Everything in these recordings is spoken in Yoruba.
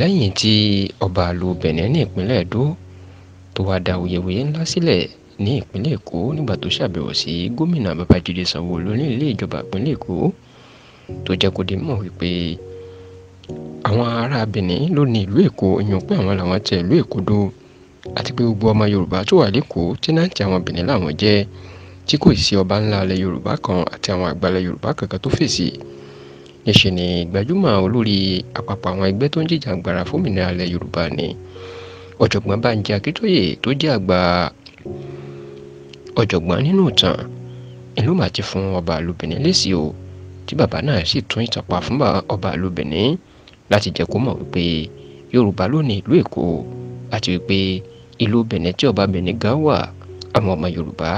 lẹ́yìn tí ọba lu Benin ní ìpínlẹ̀ Ẹdó tó wáá da awuyewuye ńlá sílẹ̀ ní ìpínlẹ̀ Èkó nígbà tó ṣàbẹ̀wò sí gómìnà Babájídé Sanwó-Olú ní ilé ìjọba ìpínlẹ̀ Èkó tó jẹ́ kó di mọ̀ wípé àwọn ará Benin ló ní ìlú Èkó ìyẹn pé àwọn làwọn tẹ ìlú Èkó dó àti pé gbogbo ọmọ Yorùbá tó wà lÉkòó tẹ́nàntì àwọn Benin làwọn jẹ́ tí kò sí ọba ńlá ilẹ̀ Yorùbá kan àti àwọn àgbàlẹ̀ Yorùbá kankan tó fèsì níṣẹ́ ni gbajúmọ̀ olórí àpapọ̀ àwọn ẹgbẹ́ tó ń jìjàgbara fómìnira ilẹ̀ yorùbá ni ọ̀jọ̀gbọ́n bánjí akíntóyè tó jẹ́ àgbà ọ̀jọ̀gbọ́n nínú ìtàn ìlú mà ti fún ọba àlùbìnrin lésì o tí bàbá náà sì tún ìtàn pa fún ọba àlùbìnrin láti jẹ́ kó mọ̀ wípé yorùbá ló ní ìlú èkó àti wípé ìlú benin tí ọba benin gan wà àwọn ọmọ yorùbá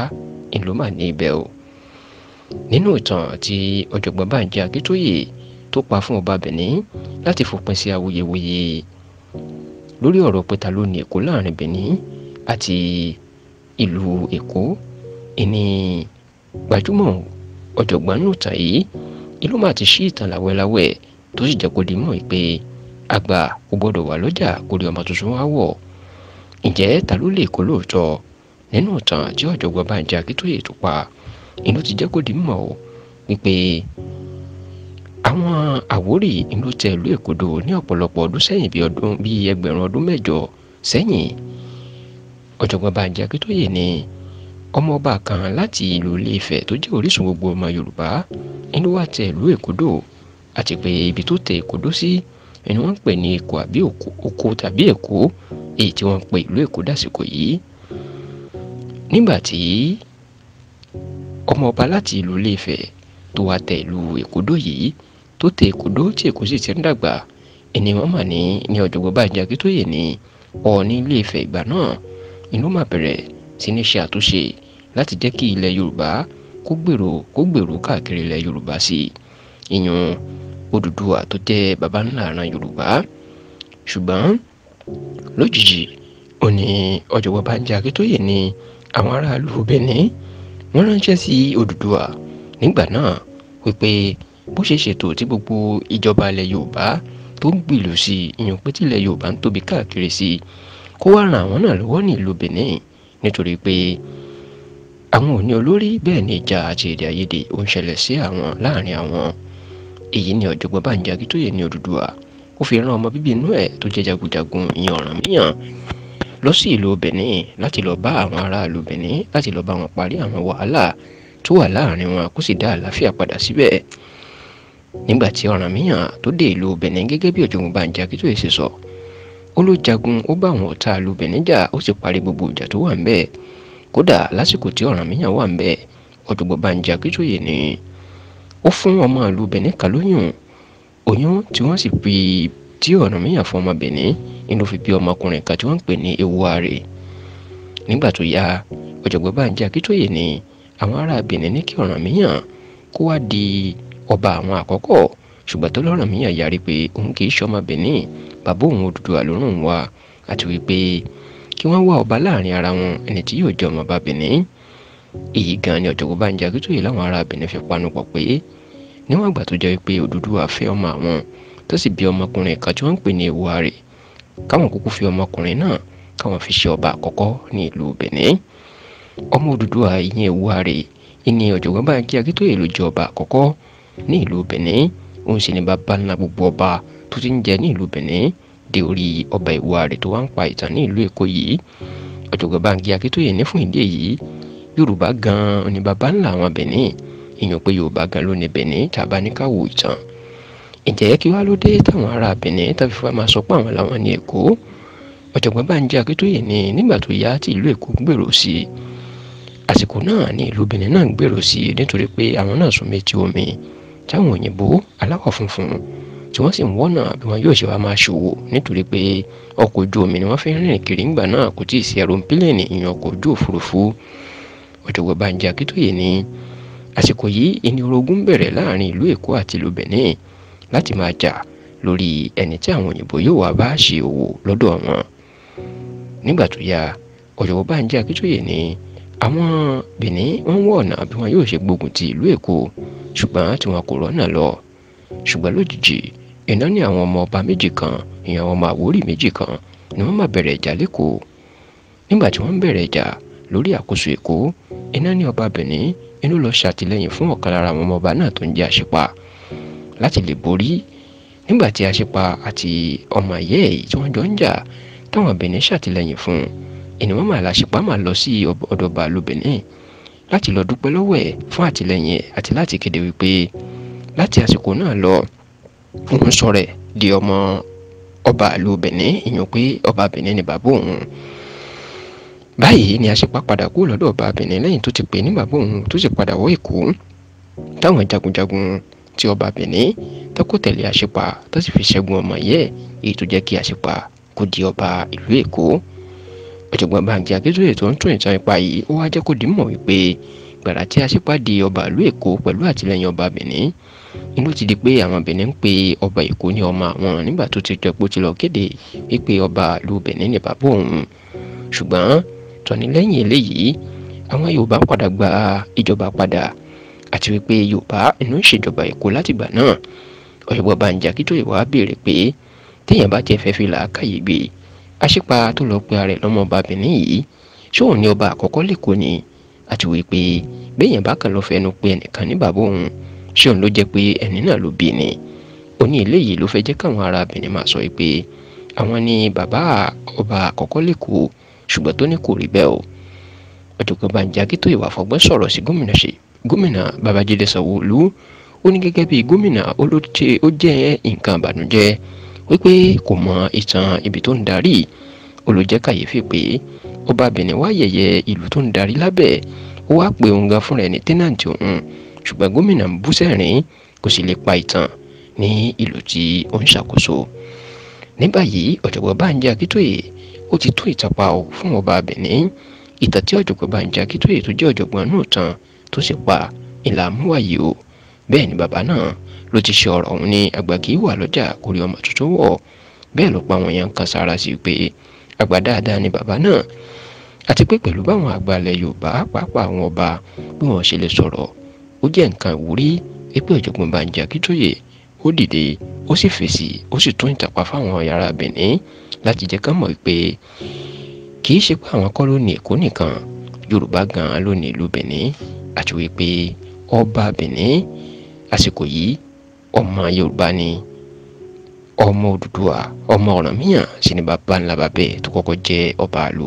ìlú mà ní ibẹ̀ o nínú ìtàn tí ọ̀jọ̀gbọ́n Bánjí Akíntóyè tó pa fún ọba Benin láti fòpin sí awuyewuye lórí ọ̀rọ̀ pé ta ló ní Èkó láàrin Benin àti ìlú Èkó ìní gbajúmọ̀ ọ̀jọ̀gbọ́n nù tàn yìí ìlú máa ti ṣí ìtàn làwẹ́láwẹ́ tó sì jẹ́ kó di mọ̀ pé àgbà kò gbọ́dọ̀ wà lọ́jà kó rí ọmọ tuntun wá wọ̀ ǹjẹ́ ta ló lè kó lóòótọ́ nínú ìtàn tí ọ̀jọ̀gbọ́n Bánjí Akíntóyè tó pa ìlú ti jẹ́ kó di mímọ̀ o wípé àwọn Àwórì ìlú tẹ ìlú Èkódò ní ọ̀pọ̀lọpọ̀ ọdún sẹ́yìn bíi ọdún bíi ẹgbẹ̀rún ọdún mẹ́jọ sẹ́yìn ọ̀jọ̀gbọ́n Bánjí Akíntóyè ni ọmọọba kan láti ìlú Ilé-Ifẹ̀ tó jẹ́ orísun gbogbo ọmọ Yorùbá ìlú wa tẹ ìlú Èkódò àti pé ibi tó tẹ Èkódò sí ni wọ́n ń pè ní Èkó àbí Oko tàbí Èkó èyí tí wọ́n ń pè ìlú Èkó dàsìkò yìí nígbà ọmọọba láti ìlú iléfẹ̀ tó wá tẹ ìlú èkódó yìí tó tẹ èkódó tí èkó sì ti ń dàgbà ẹni wọ́n mà ní ní ọ̀jọ̀gbọ́n Bánjí Akíntóyè ní ọ̀ọ́ni iléfẹ̀ ìgbà náà inú mà bẹ̀rẹ̀ sí ní ṣe àtúnṣe láti jẹ́ kí ilẹ̀ yorùbá kó gbèrò kó gbèrò káàkiri ilẹ̀ yorùbá sí ìyún Odùduwà tó jẹ́ baba ńlá àran yorùbá ṣùgbọ́n lójijì òní ọ̀jọ̀gbọ́n Bánjí Akíntóyè ní àwọn aráàlú Benin wọ́n ránṣẹ́ sí Odùduwà nígbà náà wípé bó ṣe ṣètò tí gbogbo ìjọba ilẹ̀ Yorùbá tó ń gbìlù sí ìyàn pé tilẹ̀ Yorùbá ń tóbi káàkiri sí kó wá ran àwọn náà lọ́wọ́ ní ìlú Benin nítorí pé àwọn ò olórí bẹ́ẹ̀ ni ìjà àti èdè àìyedè ò ń ṣẹlẹ̀ sí àwọn láàrin àwọn èyí ni ọ̀jọ̀gbọ́n Bánjí Akíntóyè ní Odùduwà ó fi rán ọmọ bíbí inú ẹ̀ tó jẹ́ jagunjagun ìyẹn Ọ̀rànmíyàn lọ sí ìlú Benin láti lọ bá àwọn aráàlú Benin láti lọ bá wọn parí àwọn wàhálà tó wà láàrin wọn kó sì dá àlàáfíà padà síbẹ̀ nígbà tí Ọ̀rànmíyàn tó dé ìlú Benin gẹ́gẹ́ bí Ọ̀jọ̀gbọ́n Bánjí Akíntóyè ṣe sọ ó ló jagun ó bá àwọn ọ̀tá ìlú Benin jà ó sì parí gbogbo ìjà tó wà ńbẹ̀ kódà lásìkò tí Ọ̀rànmíyàn wà ńbẹ̀ Ọ̀jọ̀gbọ́n Bánjí Akíntóyè ni ó fún ọmọ ìlú Benin kan lóyún oyún tí wọ́n sì fi tí Ọ̀rànmíyàn fún ọmọ Benin ni ló fi bí ọmọkùnrin kan tí wọ́n ń pè ní Ewuare nígbà tó yá ọ̀jọ̀gbọ́n Bánjí Akíntóyè ni àwọn ará Benin ní kí Ọ̀rànmíyàn kó wá di ọba àwọn àkọ́kọ́ ṣùgbọ́n tó l'Ọ̀rànmíyàn yarí pé òun kì í ṣọmọ Benin bàbá òun Odùduwà ló rùn àti wípé kí wọ́n wá ọba láàrin ara wọn ẹni tí yóò jẹ́ ọmọ ọba Benin èyí gan ni ọ̀jọ̀gbọ́n Bánjí Akíntóyè láwọn ará Benin fi panupọ̀ pé níwọ̀n ìgbà tó jẹ́ pé Odùduwà fẹ́ ọmọ àwọn tó sì bí ọmọkùnrin kan tí wọ́n ń pè ní Ewuare káwọn kúkú fi ọmọkùnrin náà káwọn fi ṣe ọba àkọ́kọ́ ní ìlú Benin ọmọ Odùduwà ìyẹn Ìwúrè ìní ọ̀jọ̀gbọ́n Bánjí Akíntóyè ló jẹ ọba àkọ́kọ́ ní ìlú Benin ó ń ṣe ní bàbá ńlá gbogbo ọba tó ti ń jẹ ní ìlú Benin dé orí ọba Ìwúrè tó wá ń pa ìtàn ní ìlú Èkó yìí ọ̀jọ̀gbọ́n Bánjí Akíntóyè ní fún ìdí èyí Yorùbá gan ni bàbá ńlá àwọn Benin ìyàn pé Yorùbá gan ló ní Benin tàbá ní káwọ ìtàn ǹjẹ́ kí wàá ló dé táwọn ará Benin tàbí fún wa máa sọ pé àwọn làwọn ní Èkó ọ̀jọ̀gbọ́n Bánjí Akíntóyè ni nígbà tó yá tí ìlú Èkó gbèrò sí i àsìkò náà ni ìlú Benin náà gbèrò sí i nítorí pé àwọn náà sún méjì omi táwọn òyìnbó aláwọ̀ funfun tí wọ́n sì ń wọ́nà bí wọn yóò ṣe wá máa ṣòwò nítorí pé ọkọ̀ ojú omi ni wọ́n fi ń rìn kiri ńgbà náà kò tí ì sí ẹ̀rọ̀ǹpilẹ̀nì ìyẹn ọkọ̀ ojú òfurufú ọ̀jọ̀gbọ́n Bánjí Akíntóyè ni àsìkò yìí ìní orogún bẹ̀rẹ̀ láàrin ìlú Èkó àti ìlú Benin láti máa jà lórí ẹni tí àwọn òyìnbó yóò wá bá ṣe òwò lọ́dọ̀ wọn nígbà tó yá ọ̀jọ̀gbọ́n Bánjí Akíntóyè ní àwọn Bìní wọn ń wọ ọ̀nà bí wọn yóò ṣe gbógun ti ìlú Èkó ṣùgbọ́n tí wọn kò rọ́nà lọ ṣùgbọ́n lójijì iná ní àwọn ọmọ ọba méjì kan ìyẹn àwọn ọmọ Àwórì méjì kan ni wọ́n máa bẹ̀rẹ̀ ìjà lẹ́kọ̀ọ́ nígbà tí wọ́n ń bẹ̀rẹ̀ ìjà lórí àkóso Èkó iná ní ọba Bìní inú lọ ṣàtìlẹ́yìn fún ọ̀kan lára àwọn ọmọ ọba náà tó ń jẹ́ Àṣìpa láti lè borí nígbà tí àṣepa àti ọmọ ayé èyí tí wọ́n jọ ń jà táwọn benin ṣàtìlẹ́yìn fún ènìwọ́n mà làṣepa mà lọ sí ọ̀dọ̀ bàálù benin láti lọ dúpẹ́ lọ́wọ́ ẹ̀ fún àtìlẹ́yìn ẹ̀ àti láti kéde wípé láti àsìkò náà lọ òun sọ rẹ̀ di ọmọ ọba ìlú benin ìyẹn pé ọba benin ni bàbá òun báyìí ni àṣepa padà kú lọ́dọ̀ ọba benin lẹ́yìn tó ti pè ní bàbá òun tó sì padà wọ èkó táwọn jagunjagun tí ọba Benin tó kò tẹ̀lé àṣepa tó sì fi ṣẹ́gun ọmọ yẹ́ èyí tó jẹ́ kí àṣepa kó di ọba ìlú Èkó ọ̀jọ̀gbọ́n Bánjí Akíntóyè tó ń tún ìtàn ipa yìí ó wá jẹ́ kó dìímọ̀ wípé gbàrà tí àṣepa di ọba ìlú Èkó pẹ̀lú àtìlẹyìn ọba Benin inú ti di pé àwọn Benin ń pe ọba Èkó ní ọmọ àwọn nígbà tó ti jọ pé ó ti lọ kéde wípé ọba ìlú Benin ni bàbá òun ṣùgbọ́n tọ̀nilẹ́yìn eléyìí àwọn Yorùbá padà gba ìjọba padà àti wípé yorùbá inú ìṣèjọba èkó látìgbà náà ọ̀yọ̀bọ̀ bàǹjà Akíntóyè wá béèrè pé téèyàn bá tiẹ̀ fẹ́ fi làákàyè gbé àṣìpa tó lọ pe ara ẹ̀ lọ́mọọba Benin yìí ṣóun ní ọba àkọ́kọ́ lẹ́kọ̀ọ́ ni àti wípé béèyàn bá kàn lọ fẹnu pé ẹnìkan ní bàbá òun ṣóun ló jẹ́ pé ẹni náà ló bí ni ó ní eléyìí ló fẹ́ jẹ́ káwọn ará Benin máa sọ pé àwọn ni bàbá ọba àkọ́kọ́ lẹ́kọ̀ọ́ ṣùgbọ́n tó ní kò rí bẹ́ẹ̀ o ọ̀jọ̀gbọ́n Bánjí Akíntóyè wá fọgbọ́n sọ̀rọ̀ sí gómìnà ṣe gómìnà babájídé sanwóolu ó ní gẹ́gẹ́ bí gómìnà olóòtú ó jẹ́ nǹkan àbànújẹ́ wípé kò mọ ìtàn ibi tó ń darí ó ló jẹ́ kàyéfì pé ọba benin wá yẹ̀yẹ́ ìlú tó ń darí lábẹ́ ó wá pé òun gan fúnra ẹ̀ ní tẹ́nàntì òun ṣùgbọ́n gómìnà ń bú sẹ́rìn kò sì lè pa ìtàn ní ìlú tí ó ń ṣàkóso ní báyìí ọ̀jọ̀gbọ́n Bánjí Akíntóyè ó ti tún ìtàpá fún ọba benin ìtàn tí ọ̀jọ̀gbọ́n Bánjí Akíntóyè tó jẹ́ ọ̀jọ̀gbọ́n náà tán tó sì pa ìlà múwáyé o bẹ́ẹ̀ ni bàbá náà ló ti ṣe ọ̀rọ̀ ọ̀hún ní àgbà kì í wà lọ́jà kò rí ọmọ tuntun wọ̀ bẹ́ẹ̀ ló pa àwọn èèyàn kan sára sí pé àgbà dáadáa ni bàbá náà àti pé pẹ̀lú báwọn àgbà ilẹ̀ Yorùbá pàápàá àwọn ọba bí wọ́n ṣe lè sọ̀rọ̀ ó jẹ́ nǹkan ìwúrí pé ọ̀jọ̀gbọ́n Bánjí Akíntóyè ó dìde ó sì fèsì ó sì tún ìtàpá fáwọn yàrá Benin láti jẹ́ ká mọ̀ pé kì í ṣe pé àwọn kọ́ ló ní Èkó nìkan Yorùbá gan-an ló ní ìlú Benin àti wípé ọba Benin àsìkò yìí ọmọ Yorùbá ni ọmọ Odùduwà ọmọ Ọ̀rànmíyàn sì ni bàbá ńlá bàbá ẹ̀ tó kọ́kọ́ jẹ́ ọba ìlú